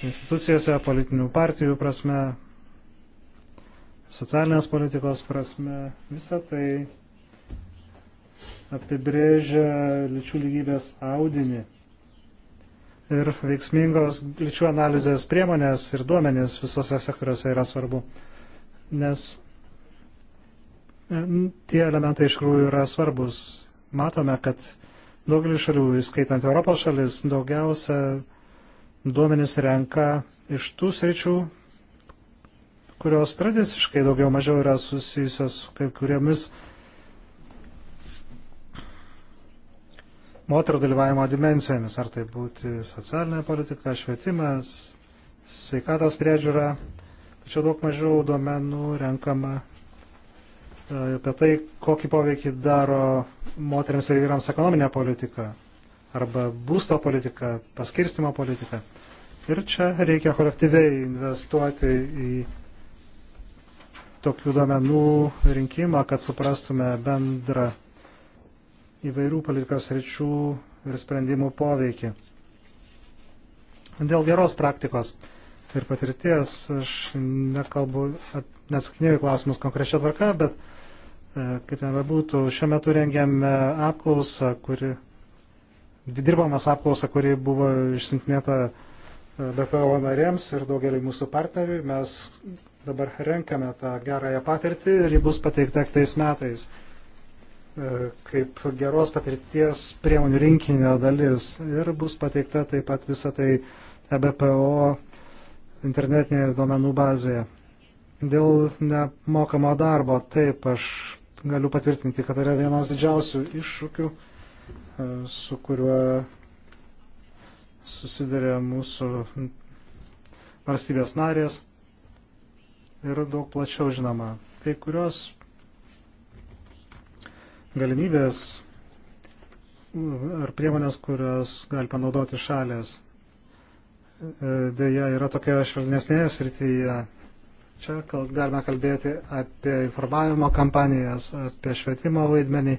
institucijose, politinių partijų prasme, socialinės politikos prasme. Visą tai apibrėžia lyčių lygybės audinį. Ir veiksmingos lyčių analizės priemonės ir duomenės visose sektoriuose yra svarbu, nes tie elementai iš tikrųjų yra svarbus. Matome, kad daugelį šalių, įskaitant Europos šalis, daugiausia duomenys renka iš tų sričių, kurios tradiciškai daugiau mažiau yra susijusios su kai kuriamis moterų dalyvavimo dimencijomis, ar tai būti socialinė politika, švietimas, sveikatos priežiūra, tačiau daug mažiau duomenų renkama e, apie tai, kokį poveikį daro moteriams ir vyrams ekonominė politika arba būsto politika, paskirstimo politika. Ir čia reikia kolektyviai investuoti į tokių duomenų rinkimą, kad suprastume bendrą įvairių politikos ryčių ir sprendimų poveikį. Dėl geros praktikos ir patirties aš nekalbu, nesakinėjau klausimus konkrečia tvarka, bet e, kaip nebebūtų, šiuo metu rengiame apklausą, kuri, dirbamas apklausą, kuri buvo išsintinėta e, BPO narėms ir daugeliu mūsų partnerių. Mes dabar renkame tą gerąją patirtį ir ji bus pateikta kitais metais e, kaip geros patirties priemonių rinkinio dalis ir bus pateikta taip pat visą tai EBPO internetinėje duomenų bazėje. Dėl nemokamo darbo, taip, aš galiu patvirtinti, kad yra vienas didžiausių iššūkių, e, su kuriuo susidarė mūsų valstybės narės ir daug plačiau žinoma. Kai kurios galimybės ar priemonės, kurios gali panaudoti šalės, e, dėja yra tokia švelnesnėje srityje. Čia galime kalbėti apie informavimo kampanijas, apie švietimo vaidmenį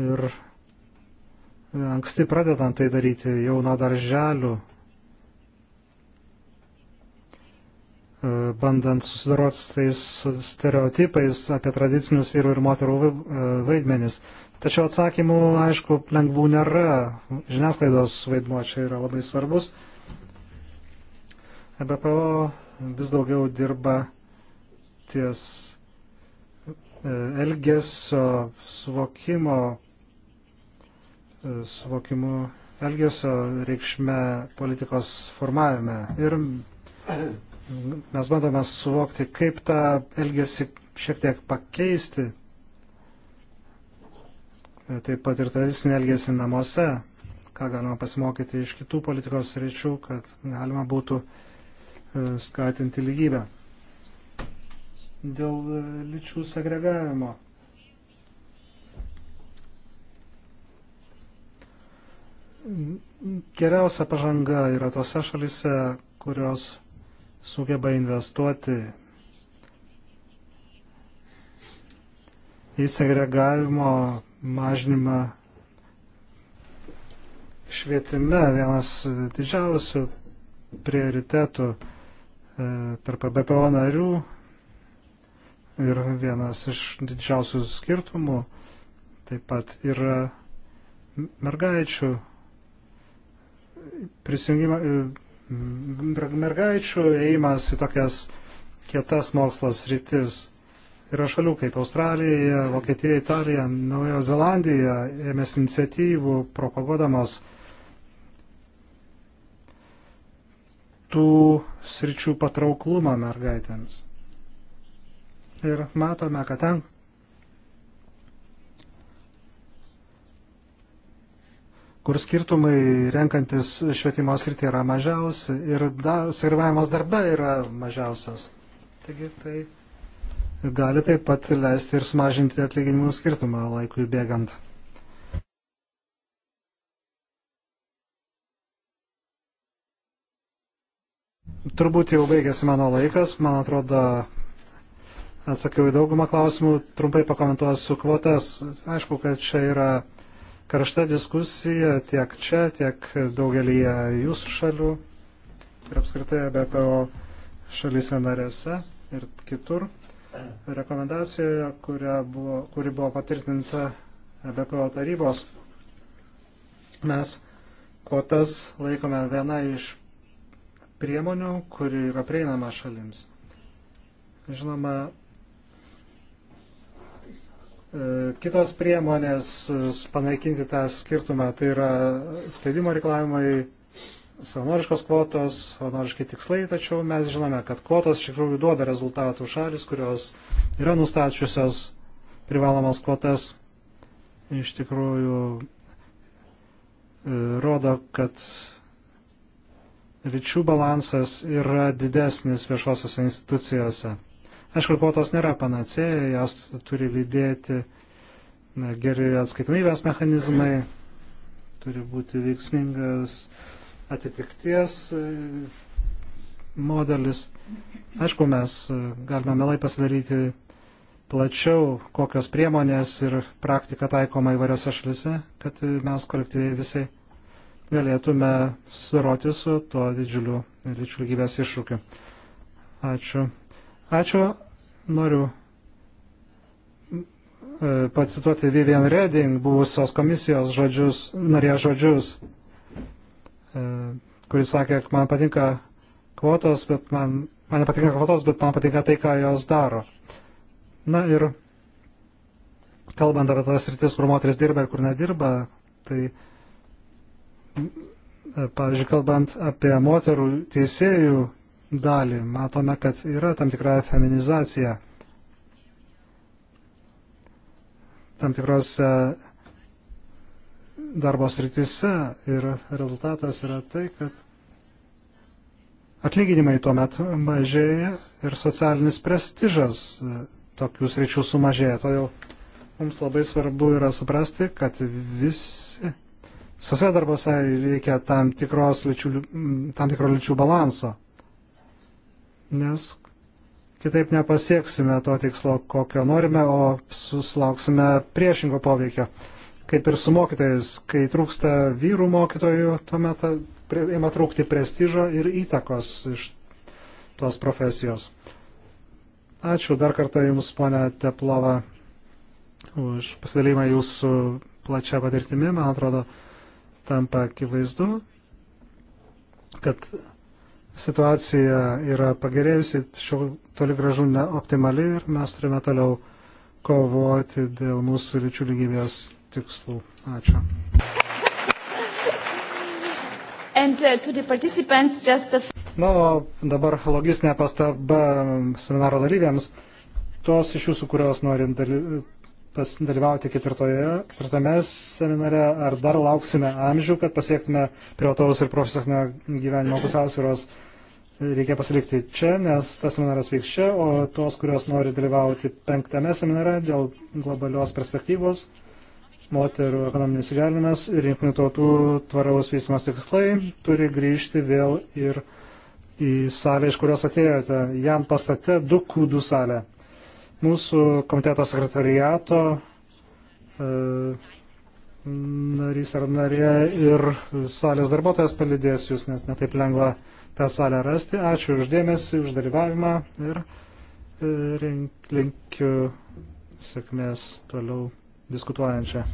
ir anksti pradedant tai daryti jau nuo darželių E, bandant susidoroti su tais stereotipais apie tradicinius vyrų ir moterų e, vaidmenis. Tačiau atsakymų, aišku, lengvų nėra. Žiniasklaidos vaidmuo čia yra labai svarbus. EBPO vis daugiau dirba ties e, elgesio suvokimo, suvokimu elgesio reikšme politikos formavime. Ir mes bandome suvokti, kaip tą elgesį šiek tiek pakeisti, taip pat ir tradicinį elgesį namuose, ką galima pasimokyti iš kitų politikos ryčių, kad galima būtų e, skatinti lygybę. Dėl e, lyčių segregavimo. Geriausia pažanga yra tose šalise, kurios sugeba investuoti į segregavimo mažinimą švietime vienas didžiausių prioritetų e, tarp BPO narių ir vienas iš didžiausių skirtumų taip pat yra mergaičių prisijungimo e, mergaičių ėjimas į tokias kietas mokslos rytis. Yra šalių kaip Australija, Vokietija, Italija, Naujojo Zelandija ėmėsi iniciatyvų propaguodamos tų sričių patrauklumą mergaitėms. Ir matome, kad ten, kur skirtumai renkantis švietimo sritį yra mažiausi ir da, segregavimas darbe yra mažiausias. Taigi tai gali taip pat leisti ir sumažinti atlyginimų skirtumą laikui bėgant. Turbūt jau baigėsi mano laikas, man atrodo, atsakiau į daugumą klausimų, trumpai pakomentuosiu kvotas. Aišku, kad čia yra karšta diskusija tiek čia, tiek daugelį jūsų šalių ir apskritai BPO šalyse narėse ir kitur. Rekomendacijoje, buvo, kuri buvo patvirtinta BPO tarybos, mes kvotas laikome viena iš priemonių, kuri yra prieinama šalims. Žinoma, E, kitos priemonės e, panaikinti tą skirtumą tai yra skleidimo reikalavimai, savanoriškos kvotos, savanoriški tikslai, tačiau mes žinome, kad kvotos iš tikrųjų duoda rezultatų šalis, kurios yra nustačiusios privalomas kvotas, iš tikrųjų e, rodo, kad lyčių balansas yra didesnis viešosios institucijose. Aišku, kvotos nėra panacėja, jas turi lydėti geri atskaitomybės mechanizmai, turi būti veiksmingas atitikties e, modelis. Aišku, mes e, galime melai pasidaryti plačiau, kokios priemonės ir praktika taikoma įvairiose šalise, kad mes kolektyviai visai galėtume susidoroti su tuo didžiuliu lyčių lygybės iššūkiu. Ačiū. Ačiū. Noriu e, pacituoti Vivian Reding, buvusios komisijos žodžius, narės žodžius, e, kuris sakė, man patinka kvotos, bet man, man nepatinka kvotos, bet man patinka tai, ką jos daro. Na ir kalbant apie tas rytis, kur moteris dirba ir kur nedirba, tai e, pavyzdžiui, kalbant apie moterų teisėjų dalį. Matome, kad yra tam tikra feminizacija tam tikrose darbo srityse ir rezultatas yra tai, kad atlyginimai tuomet mažėja ir socialinis prestižas tokių sričių sumažėja. Todėl mums labai svarbu yra suprasti, kad visi visose darbose reikia tam, lyčių, tam tikro lyčių balanso nes kitaip nepasieksime to tikslo, kokio norime, o susilauksime priešingo poveikio. Kaip ir su mokytojais, kai trūksta vyrų mokytojų, tuomet ima trūkti prestižo ir įtakos iš tos profesijos. Ačiū dar kartą Jums, ponia Teplova, už pasidalymą Jūsų plačia patirtimi. Man atrodo, tampa akivaizdu, kad situacija yra pagerėjusi, tačiau toli gražu neoptimali ir mes turime toliau kovoti dėl mūsų lyčių lygybės tikslų. Ačiū. And, uh, just the... Na, o dabar logistinė pastaba seminaro dalyviams. Tuos iš jūsų, kurios norint daly dalyvauti ketvirtame seminare, ar dar lauksime amžių, kad pasiektume privataus ir profesinio gyvenimo pusiausvėros, reikia pasilikti čia, nes tas seminaras vyks čia, o tos, kurios nori dalyvauti penktame seminare dėl globalios perspektyvos, moterų ekonominis įgalinimas ir jungtinių tautų tvaraus vystimas tikslai, turi grįžti vėl ir į salę, iš kurios atėjote, jam pastate 2Q2 salę. Mūsų komiteto sekretariato e, narys ar narė ir salės darbuotojas palidės jūs, nes netaip lengva tą salę rasti. Ačiū uždėmesi, už dalyvavimą ir e, linkiu sėkmės toliau diskutuojančią.